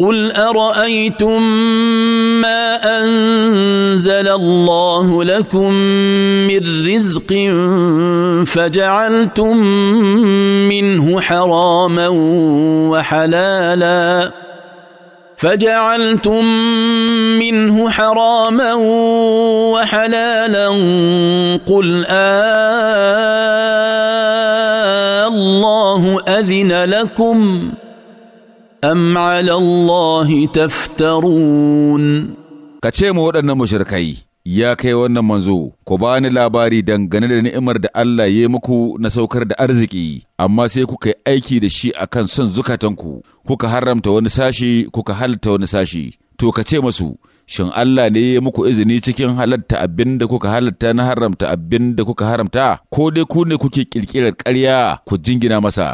قل ارايتم ما انزل الله لكم من رزق فجعلتم منه حراما وحلالا فجعلتم منه حراما وحلالا قل آه الله اذن لكم أم taftarun. الله تفترون كتشيمو ودنا مشركي ya kai wannan manzo, ku bani labari dangane da ni'imar da Allah ya muku na saukar da arziki, amma sai kuka yi aiki da shi a kan son zukatanku, kuka haramta wani sashi, kuka halatta wani sashi. To ka ce masu, shin Allah ne ya muku izini cikin halatta abinda kuka halatta na haramta abinda kuka haramta, ko dai ku ne kuke ƙirƙirar ƙarya ku jingina masa.